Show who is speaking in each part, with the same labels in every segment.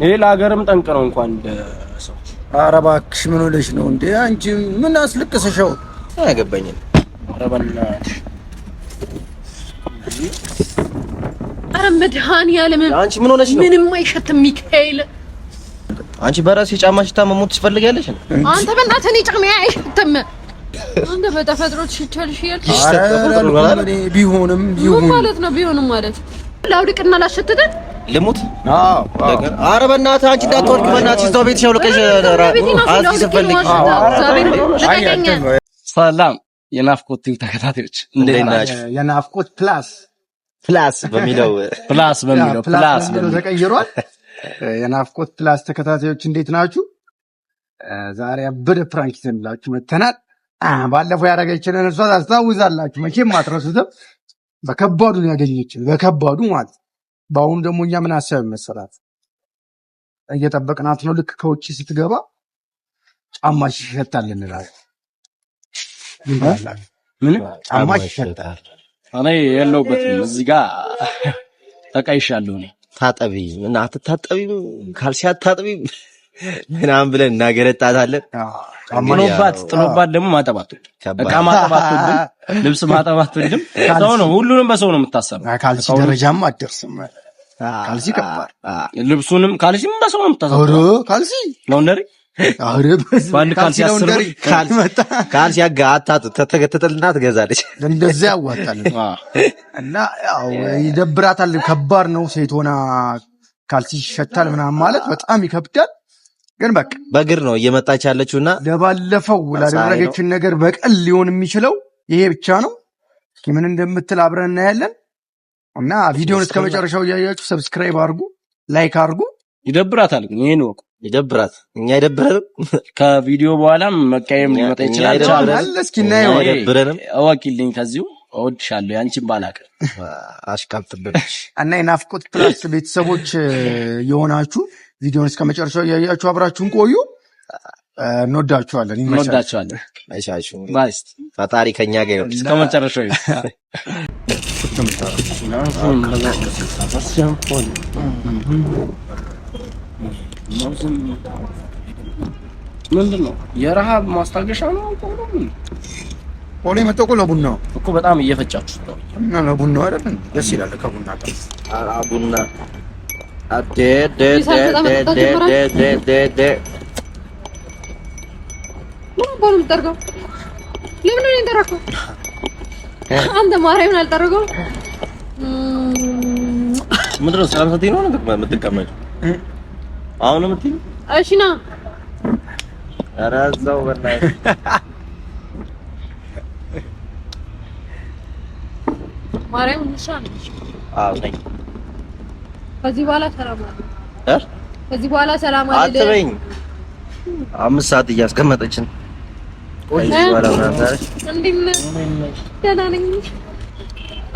Speaker 1: ይሄ ለሀገርም ጠንቅ ነው። እንኳን ሰው ኧረ እባክሽ ምን ሆነሽ ነው እንዴ? አንቺ ምን አስለቅሰሽው? አያገባኝም። ኧረ በእናትሽ
Speaker 2: ኧረ መድኃኒዓለም
Speaker 1: አንቺ ምን ሆነሽ ነው?
Speaker 2: ምንም አይሸትም ሚካኤል።
Speaker 1: አንቺ በራሴ ጫማ ሽታ መሞት ትፈልጊያለሽ?
Speaker 2: አንተ በእናትህ እኔ ጫማ አይሸትም አንተ በተፈጥሮ
Speaker 1: ቢሆንም ቢሆንም
Speaker 2: ማለት ነው ቢሆንም ማለት ላውድቅና ላሸትተን
Speaker 1: ልሙት? ኧረ በእናትህ አንቺ እንዳትወርቂ፣ በእናትሽ እዛው አዚ አውልቀሽ ሰላም የናፍቆት ተከታታዮች እንዴት ናችሁ? የናፍቆት ፕላስ ፕላስ በሚለው ፕላስ በሚለው ፕላስ በሚለው ተቀይሯል። የናፍቆት ፕላስ ተከታታዮች እንዴት ናችሁ? ዛሬ አበደ ፕራንክ ይዘንላችሁ መተናል። ባለፈው ያደረገችንን እሷ ታስታውዛላችሁ መቼም አትረሱትም። በከባዱ ያገኘችን በከባዱ ማለት በአሁኑ ደግሞ እኛ ምን አሰብ መሰላት እየጠበቅናት ነው። ልክ ከውጭ ስትገባ ጫማሽ ይሸታል እንላለን። ምን ጫማሽ ይሸታል? እኔ የለሁበትም እዚህ ጋር ተቀይሻለሁ። እኔ ታጠቢ እና አትታጠቢም፣ ካልሲ አታጥቢም ምናምን ብለን እናገረጣታለን። ጥኖባት ጥኖባት ደግሞ ማጠባት እቃ ማጠባት ልብስ ማጠባት ሰው ነው፣ ሁሉንም በሰው ነው የምታሰሩ። ካልሲ ደረጃም አደርስም ካልሲ ከባድ ልብሱንም ካልሲ በሰው ነው የምታሳጥረው። ካልሲ ላውንደሪ በአንድ ካልሲ አስር ብር ካልሲ ያጋታ ተተገተተልና ትገዛለች። እንደዚያ ያዋጣል እና ያው ይደብራታል። ከባድ ነው ሴት ሆና ካልሲ ይሸታል ምናምን ማለት በጣም ይከብዳል። ግን በቃ በእግር ነው እየመጣች ያለችውና ለባለፈው ላደረገችን ነገር በቀል ሊሆን የሚችለው ይሄ ብቻ ነው። ምን እንደምትል አብረን እናያለን። እና ቪዲዮን እስከ መጨረሻው እያያችሁ ሰብስክራይብ አድርጉ፣ ላይክ አድርጉ። ይደብራታል፣ ግን ይህን ወቁ። ይደብራት እኛ አይደብረንም። ከቪዲዮ በኋላም መቀየም ሊመጣ ይችላል። እስኪ እናየዋለን። እወቂልኝ ከዚሁ እወድሻለሁ ያንቺን ባላቅ አሽቃብትብሽ እና የናፍቆት ፕላስ ቤተሰቦች የሆናችሁ ቪዲዮን እስከ መጨረሻው እያያችሁ አብራችሁን ቆዩ። እንወዳችኋለን፣ እንወዳችኋለን። ፈጣሪ ከኛ ጋር እስከ መጨረሻው Потім так ምንድን ነው የረሃብ ማስታገሻ ነው? ፖሊ መጥቶ እኮ ለቡናው እኮ በጣም እየፈጫችሁት ነው እና ለቡናው አይደለም ደስ ይላል። ከቡና ጋር ቡና
Speaker 2: ምን ባሉ የምጠርገው ለምን ነው የንደረከው አንተ ማርያምን አልጠረገውም።
Speaker 1: ምንድን ነው ሰላም ሰጥኝ ነው የምትቀመጪው? አሁን ነው የምትይኝ? እሺ ና። ኧረ እዛው በእናትህ
Speaker 2: ማርያምን እንሻለሽ። አዎ ነኝ። ከዚህ በኋላ ሰላም አለ እ ከዚህ በኋላ ሰላም
Speaker 1: አለ አትበይኝ። አምስት ሰዓት እያስቀመጠችን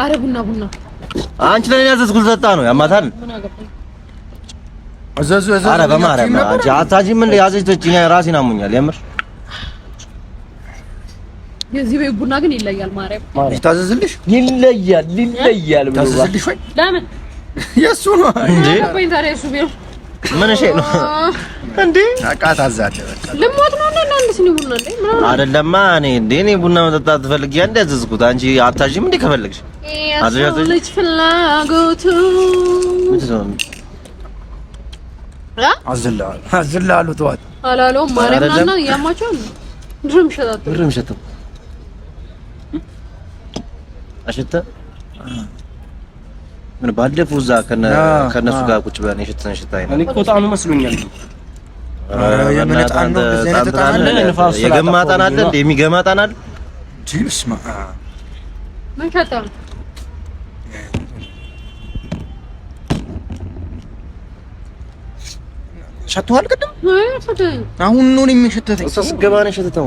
Speaker 1: አረ ቡና ቡና አንቺ ለኔ ያዘዝኩት ልጠጣ ነው ያማታል። አዘዙ አዘዙ። አረ በማርያም አንቺ አታጂም እንደ ያዘች ትጭኛ ራሴን አሞኛል። የምር
Speaker 2: የዚህ ቤት ቡና ግን ይለያል። ማርያም
Speaker 1: ታዘዝልሽ ይለያል ይለያል። ታዘዝልሽ ወይ ለምን የእሱ ነው እንዴ? ምን እሺ ነው እንዴ? አቃት አዛት
Speaker 2: ልሞት ነው እንዴ? አንድስ ስኒ ቡና እንዴ?
Speaker 1: ምን አይደለማ። እኔ እንዴ እኔ ቡና መጠጣት ትፈልጊ እንዴ? አዘዝኩት። አንቺ አታዥም እንዴ? ከፈለግሽ
Speaker 2: አዘዝኩት። ፍላጎቱ
Speaker 1: አዝላሉ አዝላሉ ተዋት
Speaker 2: አላሎም ማረናና ያማቸው ድርም ሸጣት
Speaker 1: ድርም ሸጣት አሸተ ምን ባለፈው እዛ ከነሱ ጋር ቁጭ ብለን የሽትን ሽታ አይነት እኔ እኮ ጣኑ መስሎኛል። የገማ ሸቷል። አሁን ነው የሚሸተተኝ እሷ ነው የሸተተው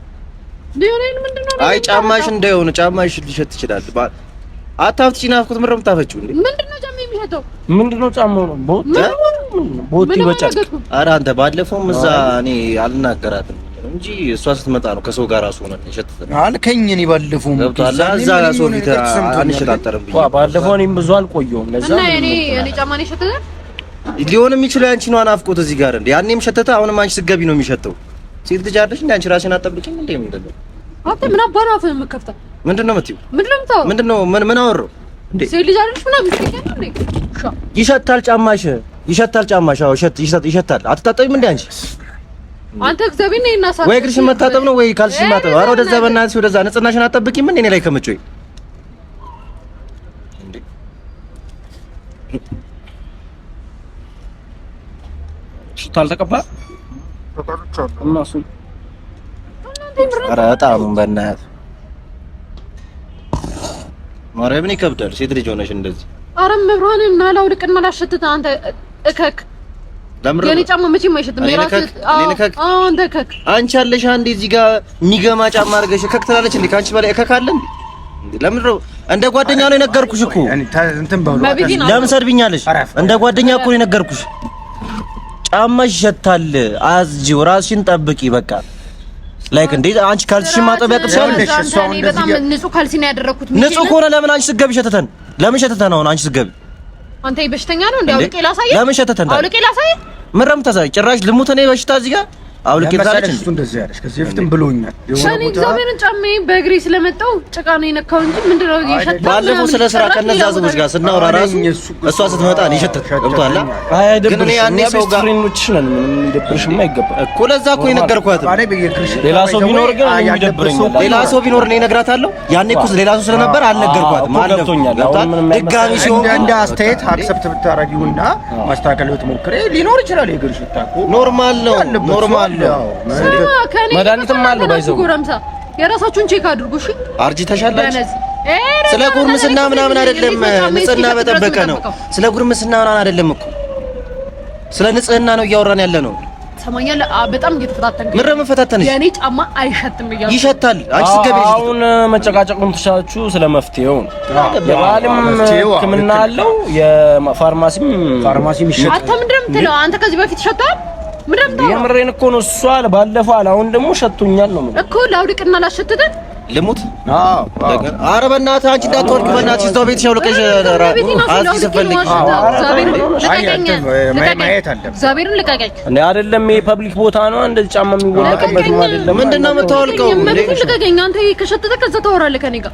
Speaker 1: አይ ጫማሽ እንደሆነ ጫማሽ ሊሸት ይችላል። አታፍትሽ ናፍኩት ምረም ታፈችው እንዴ?
Speaker 2: ምንድነው ጫማ የሚሸተው?
Speaker 1: ምንድነው ጫማው ነው? ቦቲ ቦቲ በጫት ኧረ አንተ ባለፈውም እዛ እኔ አልናገራትም እንጂ እሷ ስትመጣ ነው ከሰው ጋር ራሱ ሆነ የሸተተ አልከኝ። እኔ ባለፈውም እዛ ሰው ፊት አንሸጣጠርም ብዬሽ ባለፈው እኔም ብዙ አልቆየሁም።
Speaker 2: ለዛ እኔ እኔ ጫማ ነው የሸተተ
Speaker 1: ሊሆን የሚችለው ያንቺ ነው ናፍቆት እዚህ ጋር እንዴ? ያኔም ሸተተ፣ አሁንም አንቺ ስትገቢ ነው የሚሸተው ሴት ልጅ አይደለሽ እንዴ? አንቺ ራስሽን አጠብቂም እንዴ? ምንድን ነው
Speaker 2: አንተ? ምን አባራ አፍህን የምከፍተው ምንድን ነው የምትይው? ምንድን ነው የምታወራው?
Speaker 1: ምንድን ነው ምን ምን አወራሁ
Speaker 2: እንዴ? ሴት ልጅ አይደለሽ ምናምን እንዴ?
Speaker 1: ይሸታል ጫማሽ፣ ይሸታል ጫማሽ። አዎ ይሸት ይሸታል። አትታጠቢም እንዴ አንቺ?
Speaker 2: አንተ እግዚአብሔር ነህ እና ሳታ
Speaker 1: ወይ እግርሽን መታጠብ ነው ወይ ካልሽን ማጠብ? ኧረ ወደዛ በእናትሽ ወደዛ። ንጽህናሽን አጠብቂም እንዴ? እኔ ላይ ከምጮይ ሽቶ አልተቀባህም ኧረ በጣም በእናትህ ማርያምን ይከብዳል። ሴት ልጅ ሆነሽ እንደዚህ
Speaker 2: ኧረ መብራንን ናላውልቅና ላሸትት አንተ እከክ የኔ ጫማ መቼም አይሸትም።
Speaker 1: አንቺ አለሽ አንዴ እዚህ ጋር የሚገማ ጫማ አድርገሽ እከክ ትላለች። እንዴ ከአንቺ በላይ እከክ አለ እንዴ? ለምን እንደ ጓደኛ ነው የነገርኩሽ እኮ። ለምን ሰድብኛለሽ? እንደ ጓደኛ እኮ ነው የነገርኩሽ። ጫማሽ ይሸታል። አዝጂው ራስሽን ጠብቂ። በቃ ላይክ እንዴ አንቺ ካልሲሽን ማጠብ ያቅርሻል።
Speaker 2: ንጹህ ካልሲ ነው ያደረኩት።
Speaker 1: ንጹህ ከሆነ ለምን አንቺ ስትገቢ ሸተተን? ለምን ሸተተን? አሁን አንቺ ስትገቢ
Speaker 2: አንተ ይበሽተኛ ነው እንዴ? አውልቄ ላሳየህ። ለምን ሸተተን? አውልቄ ላሳየህ።
Speaker 1: ምረም ተሳይ ጭራሽ ልሙት እኔ በሽታ እዚህ ጋር አሁን ትላለች እሱ እንደዚህ ያለሽ ከዚህ በፊትም ብሎኛል።
Speaker 2: ሰኔ እግዚአብሔርን ጫማዬ በእግሬ ስለመጣው ጭቃ ነው የነካው እንጂ ምንድነው ነው
Speaker 1: ባለፈው ስለ ስራ ከነዛ ሰዎች ጋር ስናወራ ራሱ እሷ ስትመጣ ነው የሸተተው። ገብቶሃል? አይ ግን እኔ ያኔ ሰው ጋር ፍሬኖችሽ ነን ምንም የሚደብርሽማ አይገባም እኮ ለዛ እኮ የነገርኳት። ሌላ ሰው ቢኖር ግን የሚደብረኝ ሌላ ሰው ቢኖር እኔ እነግራታለሁ። ያኔ እኮ ሌላ ሰው ስለነበር አልነገርኳትም። አልገብቶኛል። ድጋሚ ሲሆን እንደ አስተያየት አክሰፕት ብታረጊውና ማስተካከል ብትሞክሪ ሊኖር ይችላል። የእግር ሽታ እኮ ኖርማል ነው ኖርማል
Speaker 2: አለ፣
Speaker 1: መድኃኒትም አለ። ባይዘው ጎረምሳ
Speaker 2: የራሳችሁን ቼክ አድርጉ። እሺ
Speaker 1: አርጅተሻል። ስለ ጉርምስና ምናምን አይደለም፣ ንጽህና በጠበቀ ነው። ስለ ጉርምስና ምናምን አይደለም እኮ ስለ ንጽህና ነው እያወራን ያለ ነው።
Speaker 2: ሰማኛለ በጣም እየተፈታተንክ
Speaker 1: ምረ መፈታተንሽ የኔ ጫማ ስለ መፍትሄው የባህልም ሕክምና አለው የፋርማሲም ፋርማሲም
Speaker 2: ይሸታል። አንተ? ከዚህ በፊት ይሸታል
Speaker 1: የምሬን እኮ ነው። እሷ ባለፈው አለ፣ አሁን ደግሞ ሸቶኛል ነው
Speaker 2: እኮ ላውልቅና ላሸትተን
Speaker 1: ልሙት። ኧረ በእናትህ አንቺ እንዳትወድቅ በእናትህ እዛው ቤት ሸውልቀሽ አይደለም። የፐብሊክ ቦታ ነው፣ እንደዚህ ጫማ የሚወለቅበት አይደለም። ምንድን ነው የምታወልቀው?
Speaker 2: ልቀቀኝ አንተ። ከሸተተ ከዛ ታወራለህ ከኔ ጋር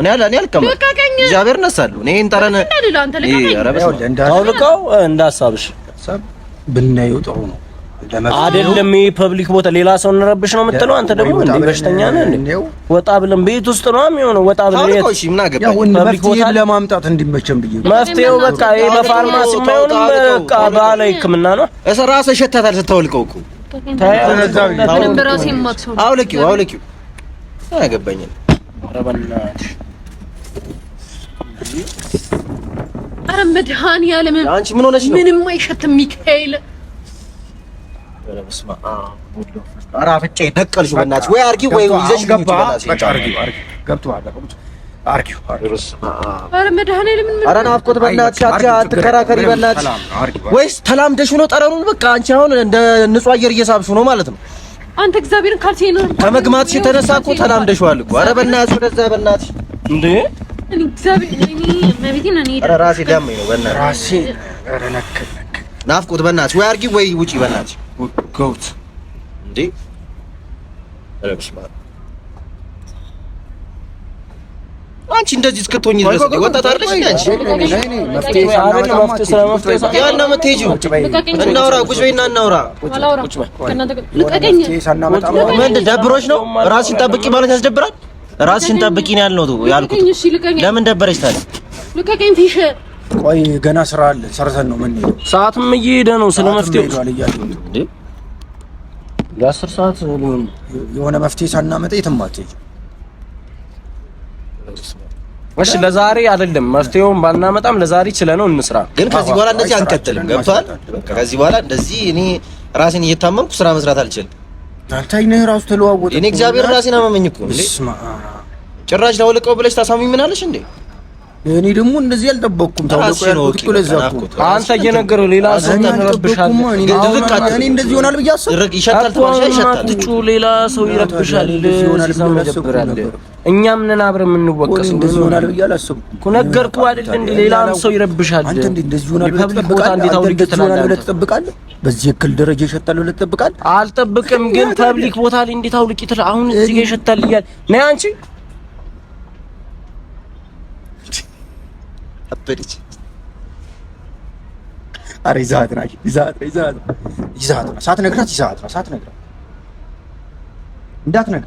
Speaker 1: እኔ አላ እኔ አልቀመጥም። እግዚአብሔር እነሳለሁ። እኔ እንጠረን አውልቀው እንደ ብናየው ጥሩ ነው። አይደለም ይሄ ፐብሊክ ቦታ ሌላ ሰው እንረብሽ ነው የምትለው አንተ ደግሞ እንዴ በሽተኛ ነህ እንዴ? ወጣ ብለን ቤት ውስጥ ነው የሚሆነው። ወጣ ብለን ቤት እሺ፣ ምን አገባኝ። መፍትሄ ለማምጣት እንዲመቸን ብዬ መፍትሄው በቃ ይሄ በፋርማሲ ነው በቃ ባህላዊ ሕክምና ነው። እሰ እራስህ ሸታታል ስታወልቀው እኮ አውልቂው፣ አውልቂው። አያገባኝም
Speaker 2: ኧረ መድኃኒዓለም ምንም አይሸትም ሚካኤል
Speaker 1: አራፍጬ ነቀልሽው በእናትሽ ወይ አድርጊው ወይ ይዘሽ ገባ በቃ አድርጊው አድርጊው ገብቶሃል አድርጊው
Speaker 2: ኧረ መድኃኒዓለም
Speaker 1: ኧረ ናፍቆት በእናትሽ አትከራከሪ በእናትሽ ወይስ ተላምደሽው ነው ጠረኑን በቃ አንቺ አሁን እንደ ንጹህ አየር እየሳብሽው ነው ማለት ነው
Speaker 2: አንተ እግዚአብሔርን ካልሲ ነው።
Speaker 1: ከመግማትሽ የተነሳ እኮ ተላምደሽዋል እኮ። ኧረ በእናትሽ ወደዛ፣ በእናትሽ እንዴ! ራሴ ዳመኝ ነው በእናትሽ ናፍቆት፣ በእናትሽ ወይ አርጊ ወይ ውጪ በእናትሽ አንቺ እንደዚህ እስክትሆኝ ድረስ ወጣት አይደለሽ እንዴ? አንቺ እናውራ፣ ቁጭ በይና እናውራ። ምንድን ደብሮሽ ነው? ራስሽን ጠብቂ ማለት ያስደብራል? ራስሽን ጠብቂ ነው ያልነው ያልኩት። ለምን ደበረሽ
Speaker 2: ታዲያ?
Speaker 1: ቆይ ገና ስራ አለ፣ ሰርተን ነው ምን የምንሄደው። ሰዓትም እየሄደ ነው። ስለ መፍትሄው የአስር ሰዓት የሆነ መፍትሄ ሳናመጣ የትም አትሄጂም። እሺ ለዛሬ አይደለም መፍትሄውን ባናመጣም ለዛሬ ችለነው እንስራ። ግን ከዚህ በኋላ እንደዚህ አንቀጥልም። ገብቷል? ከዚህ በኋላ እንደዚህ እኔ ራሴን እየታመምኩ ስራ መስራት አልችልም። አንተ አይነህ ራሱ ተለዋወጠ። እኔ እግዚአብሔር ራሴን አመመኝ እኮ እንዴ! ጭራሽ ላውልቀው ብለሽ ታሳሚ ምን አለሽ እንዴ? እኔ ደግሞ እንደዚህ አልጠበቅኩም። ታውቆ ያልኩት ለዛ እኮ አንተ እየነገረው ሌላ ሰው ይረብሻል። እኔ እንደዚህ ይሆናል ብዬ አሰብኩ። ይሸታል፣ ተባሻ ትጩ ሌላ ሰው ይረብሻል። ይሆናል ብዬ አሰብኩ። እኛም ነን አብረን የምንወቀሰው። እንደዚህ ሆናል ብዬ አላሰብኩም እኮ ነገርኩህ አይደል? እንደ ሌላም ሰው ይረብሻል። አንተ እንደዚህ ሆናል ብለህ ትጠብቃለህ? በዚህ እክል ደረጃ ይሸታል ብለህ ትጠብቃለህ? አልጠብቅም፣ ግን ፐብሊክ ቦታ ላይ እንዴት አውልቂ ትላለህ? አሁን እዚህ ጋር ይሸታል እያለ ነይ አንቺ አበደች። ኧረ ይዛት ናት፣ ይዘሀት ናት፣ ይዘሀት ናት። ሳትነግራት ይዘሀት ናት፣ ሳትነግራት እንዳትነግራት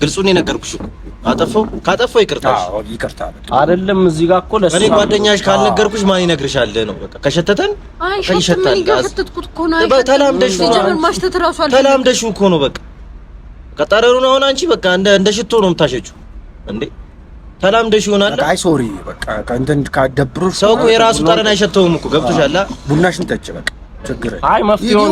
Speaker 1: ግልጹን የነገርኩሽ አጠፋው ካጠፋው ይቅርታ ይቅርታ አይደለም። እዚህ ጋር እኮ ለእሱ እኔ ጓደኛሽ ካልነገርኩሽ ማን ይነግርሻል ነው። በቃ ከሸተተን ይሸታል። ተላምደሽው እኮ ነው። በቃ ጠረኑን አሁን አንቺ በቃ እንደ እንደ ሽቶ ነው የምታሸችው እንዴ ተላምደሽ ይሆናል። አይ ሶሪ በቃ እንትን ካደብሩሽ ሰው እኮ የራሱ ጠረን አይሸተውም እኮ ገብቶሻል። ቡናሽን ጠጭ በቃ ችግር አይ መፍትሄው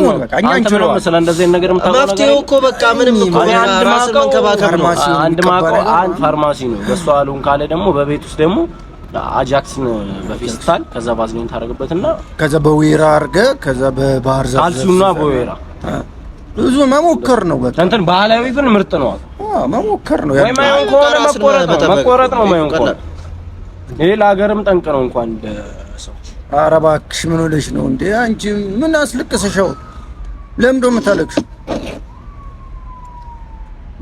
Speaker 1: ፋርማሲ ነው። በእሱ አሉን ካለ ደግሞ በቤት ውስጥ ደግሞ አጃክስን በፌስታል ከዛ ባዝሊን ታደርግበትና ከዛ በዌራ አድርገህ ከዛ በባህር ዛፍ ካልሲውና በዌራ ብዙ መሞከር ነው። በቃ እንትን ባህላዊ ግን ምርጥ ነው። አዎ መሞከር ነው። ወይ ማይሆን ከሆነ መቆረጥ ነው። ማይሆን ከሆነ ይሄ ለሀገርም ጠንቅ ነው እንኳን ኧረ እባክሽ ምን ሆነሽ ነው እንዴ? አንቺ ምን አስለቅሰሽው? ለምዶ የምታለቅሽ?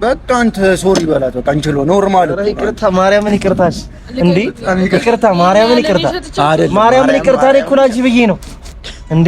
Speaker 1: በቃ አንተ ሶሪ በላት። በቃ አንቺ ነው ኖርማል። ይቅርታ ማርያምን፣ ይቅርታሽ እንዴ! ይቅርታ ማርያምን፣ ይቅርታ አይደል? ማርያምን፣ ይቅርታ ነው እኮ ለአንቺ ብዬ ነው እንዴ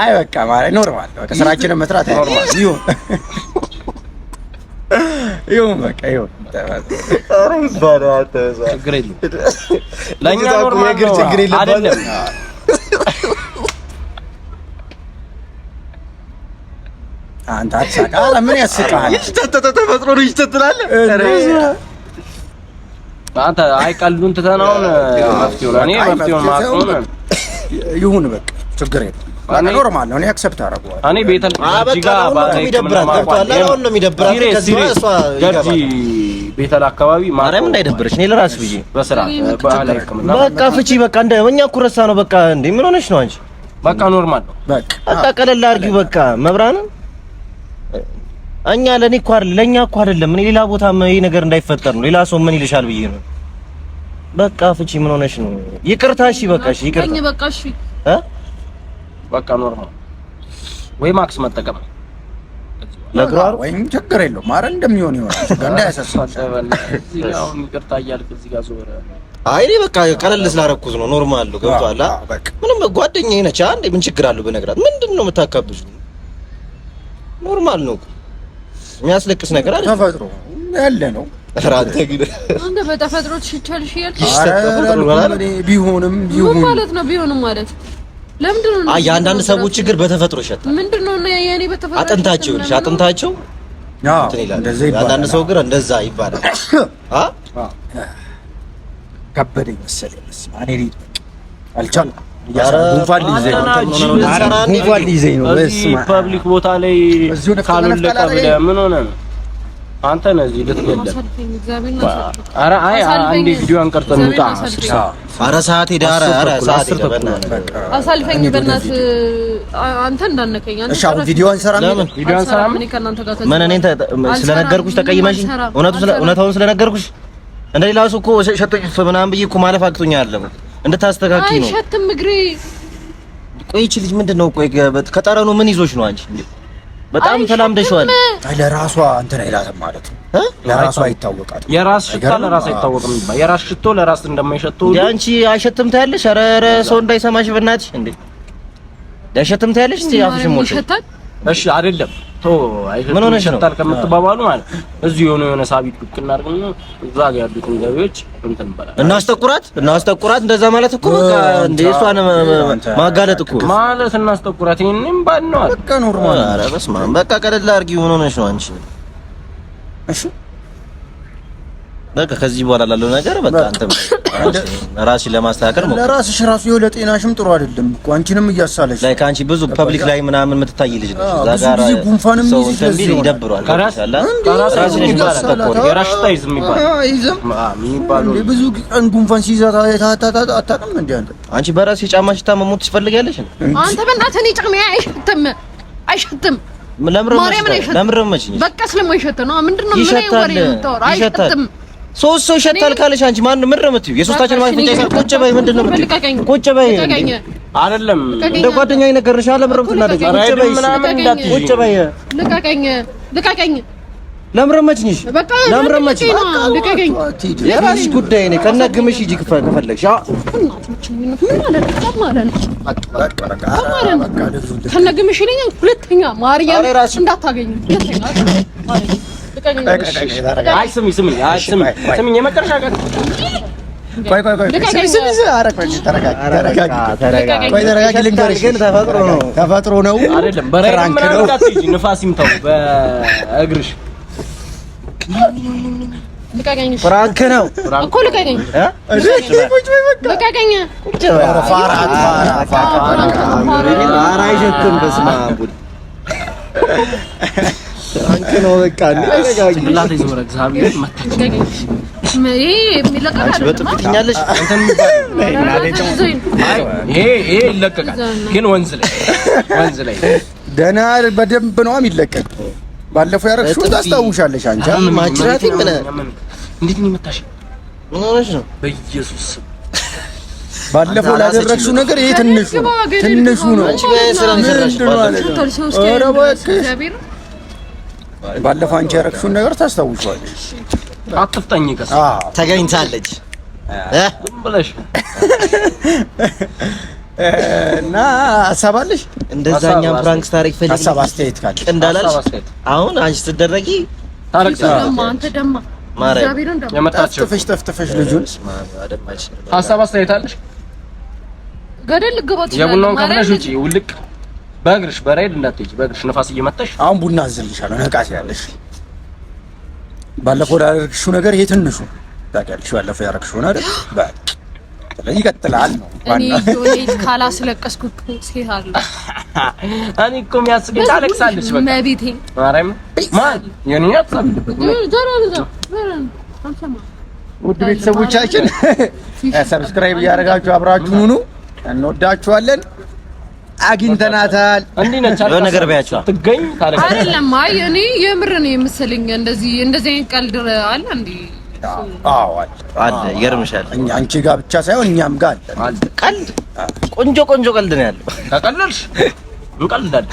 Speaker 1: አይ በቃ ማለት ኖርማል በቃ ስራችንን መስራት ኖርማል ይሁን ይሁን በቃ ይሁን። ችግር የለም አንተ አትሳቅ። ኧረ ምን ያስቃል? ይሽተት ተፈጥሮ ነው ይሽተት አንተ አይ ቀልዱን ትተናውን መፍትሄውን እኔ መፍትሄውን ማቆም ይሁን በቃ ችግር የለም። ኖርማል ነው። እኔ አክሰፕት ቤተል እንዳይደብረሽ እኔ ለራስ ብዬ በስራ በቃ ፍቺ በቃ እንደ ነው በቃ እንደ ምን ሆነሽ ነው አንቺ? በቃ ኖርማል ነው። በቃ በቃ እኛ ለኔ እኮ አይደል ለኛ እኮ አይደለም። እኔ ሌላ ቦታ ይሄ ነገር እንዳይፈጠር ነው። ሌላ ሰው ምን ይልሻል ብዬ ነው። በቃ ፍቺ ምን ሆነሽ ነው? ይቅርታ። እሺ በቃ እሺ፣ ይቅርታ። በቃ እሺ፣ በቃ ኖርማል ወይ ማክስ መጠቀም ነግራሩ ወይ ችግር የለውም። ማረ እንደሚሆን ይሆናል። አይ እኔ በቃ ቀለል ስላደረኩት ነው። ኖርማል ነው። ገብቶሃል? ምንም ጓደኛዬ ነች። ምን ችግር አለው ብነግራት? ምንድን ነው የምታካብጂው? ኖርማል ነው እኮ የሚያስለቅስ ነገር አለ። ተፈጥሮ ያለ ነው። ቢሆንም
Speaker 2: ማለት ነው። ቢሆንም ማለት ለምንድን
Speaker 1: ነው የአንዳንድ ሰዎች ችግር በተፈጥሮ ይሸጣል።
Speaker 2: ምንድን ነው የእኔ በተፈጥሮ
Speaker 1: አጥንታቸው አጥንታቸው አንዳንድ ሰው ግን እንደዛ ይባላል። ከበደኝ መሰለኝ አልቻልኩም ጉንፋን ሊይዘኝ ነው። እዚህ ፐብሊክ ቦታ ላይ ካልወለቀ ብለህ ምን ነው? አንተ ነህ እዚህ ልትገለህ። ኧረ አይ አንዴ ቪዲዮ አንቀርጸን እንውጣ። ኧረ ሰዓት ሄደ። ኧረ ኧረ ሰዓት ሄደ።
Speaker 2: አሳልፈኝ አንተ ቪዲዮ
Speaker 1: አንሰራም። ቪዲዮ አንሰራም? ምን ስለነገርኩሽ ተቀይመሽ? እውነቱን ስለነገርኩሽ እንደሌላው ሰው እኮ ሸጦኝ ምናምን ብዬሽ እኮ ማለፍ አቅቶኛል። እንድታስተካክል ነው።
Speaker 2: አይሸትም እግሬ።
Speaker 1: ቆይ ይቺ ልጅ ምንድን ነው? ቆይ ከጠረኑ ምን ይዞሽ ነው? አንቺ በጣም ተላምደሽዋል። ለራሷ እንትን አይላትም ማለት ነው። ለራሷ አይታወቃትም። የራስ ሽታ ለራስ አይታወቅም ይባላል። የራስ ሽቶ ለራስ እንደማይሸቶ እንደ አንቺ አይሸትም ታያለሽ። ኧረ ኧረ ሰው እንዳይሰማሽ በእናትሽ። እንዴ አይሸትም ታያለሽ። እስቲ አፍሽ ሞሽ። እሺ አይደለም ምን ሆነሽ ነው ከምትባባሉ ማለት እዚህ የሆነ የሆነ ሳቢት ብቅ እናድርግና እዛ ጋር ያሉትን ገቢዎች እንትን እንበላለን። እናስጠቁራት እናስጠቁራት እንደዛ ማለት እኮ በቃ እንደ እሷን ማጋለጥ እኮ ማለት እናስጠቁራት። ይሄንን ባል ነው በቃ ኖርማል። ኧረ በስመ አብ በቃ ቀለል አድርጊ። ምን ሆነሽ ነው አንቺ? እሺ በቃ ከዚህ በኋላ ላለው ነገር በቃ አንተ ራስሽ ለማስተካከል ሞክሪ። ለራስሽ ራሱ ይኸው ለጤናሽም ጥሩ አይደለም እኮ አንቺንም እያሳለች ላይ ከአንቺ ብዙ ፐብሊክ ላይ ምናምን የምትታይ ልጅ ነሽ። እዛ ጋር ጉንፋንም ይደብሯል። ብዙ ቀን ጉንፋን ሲይዛት አታውቅም እንዴ አንተ? አንቺ በራስሽ ጫማ ሽታ መሞት ትፈልጊያለሽ?
Speaker 2: አንተ በእናትህ እኔ ጫማ አይሸትም፣ አይሸትም ለምረመችኝ በቃ ስለማይሸት ነው። ምንድን ምን ወሬ የምታወራው? አይሸትም
Speaker 1: ሶስት ሰው ይሸታል ካለሽ አንቺ ማን ምር የምትይው? የሶስታችን ማለት ብቻ ቁጭ በይ ምንድነው የምትይው? ቁጭ በይ አይደለም እንደ ጓደኛ ነገርሽ አለ ምረምት እናደግ ቁጭ በይ ምናምን እንዳትይ። ቁጭ በይ
Speaker 2: ልቀቀኝ፣ ልቀቀኝ።
Speaker 1: ለምረመችኝሽ ለምረመችኝ ልቀቀኝ። የራስሽ ጉዳይ ነው። ከነግምሽ ሂጂ ከፈለግሽ።
Speaker 2: ከነግምሽ ሁለተኛ ማርያም
Speaker 1: እንዳታገኝ ስሚኝ የመጨረሻ ቀን ቆይ ቆይ ቆይ ተፈጥሮ ነው አይደለም፣ ንፋስ ይምታው በእግርሽ ፍራንክ ነው እኮ ልቀቀኝ። ኧረ አይሸትም በስመ አብ አንቺ ነው በቃ ግን ወንዝ ላይ ደህና በደንብ ነው የሚለቀቅ። ባለፈው ያደረግሽው ታስታውሻለሽ። አንቺ ማጅራት ምን እንዴት ነው የመታሽ? ምን ሆነሽ ነው? በኢየሱስ ባለፈው ላደረግሽው ነገር ይሄ ትንሹ ትንሹ ነው። ባለፈው አንቺ ያረግሽውን ነገር ታስታውሻለሽ። አትፍጠኝ። ቀስ ተገኝታለች ብለሽ እና አሳባለሽ እንደዛኛ እንደዛኛም ታሪክ ፈልግ ሀሳብ አስተያየት ካለ እንዳላለሽ አሁን አንቺ ስትደረጊ ታሪክ ደማ አንተ ደማ ማርያም የመጣችው ጠፍጥፈሽ ጠፍጥፈሽ ልጁን ሀሳብ አስተያየት አለሽ? ገደል ልገባ ይችላል የቡናውን ከፍለሽ ውጪ ውልቅ በእግርሽ በራይድ እንዳትሄጂ፣ በእግርሽ ነፋስ እየመጣሽ አሁን ቡና አዝልሻለሁ። ነቃት ያለሽ ባለፈው ላደረግሽው ነገር ይሄ ትንሹ ታውቂያለሽ። ባለፈው ያደረግሽው ነገር አይደል? በቃ ይቀጥላል ነው እኔ ጆኔት ካላስለቀስኩት ሴት አለ እኔ እኮ የሚያስገኝ ታለቅሳለች። በቃ መቤቴ ማራም ማን የኔ አጥላብልበት ውድ ቤተሰቦቻችን ሰብስክራይብ እያደረጋችሁ አብራችሁ ሁኑ። እንወዳችኋለን። አግኝተናታል። ነገር በያቸው ትገኝ አይደለም። አይ እኔ የምር ነው የምሰልኝ እንደዚህ እንደዚህ አይነት ቀልድ አለ እንዴ? አዎ አለ። ይገርምሻል፣ አንቺ ጋር ብቻ ሳይሆን እኛም ጋር አለ ቀልድ። ቆንጆ ቆንጆ ቀልድ ነው ያለው። ተቀለልሽ ቀልድ አለ።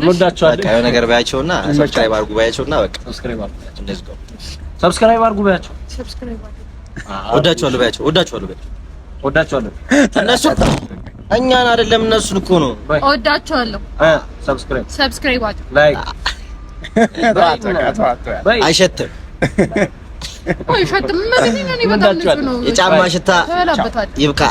Speaker 1: እንወዳቸዋለን። ነገር ባያቸውና ሰብስክራይብ አድርጉ ባያቸውና በቃ ሰብስክራይብ አድርጉ በያቸው፣ ሰብስክራይብ አድርጉ በያቸው፣ ሰብስክራይብ አድርጉ። ወዳቸዋለሁ በያቸው፣ ወዳቸዋለሁ በያቸው፣ ወዳቸዋለሁ እነሱ እኛን አይደለም እነሱን እኮ ነው። እወዳቸዋለሁ። ሰብስክራይብ ሰብስክራይብ አድርጉ። ላይክ አይሸትም። አይሸትም። የጫማ ሽታ ይብቃ።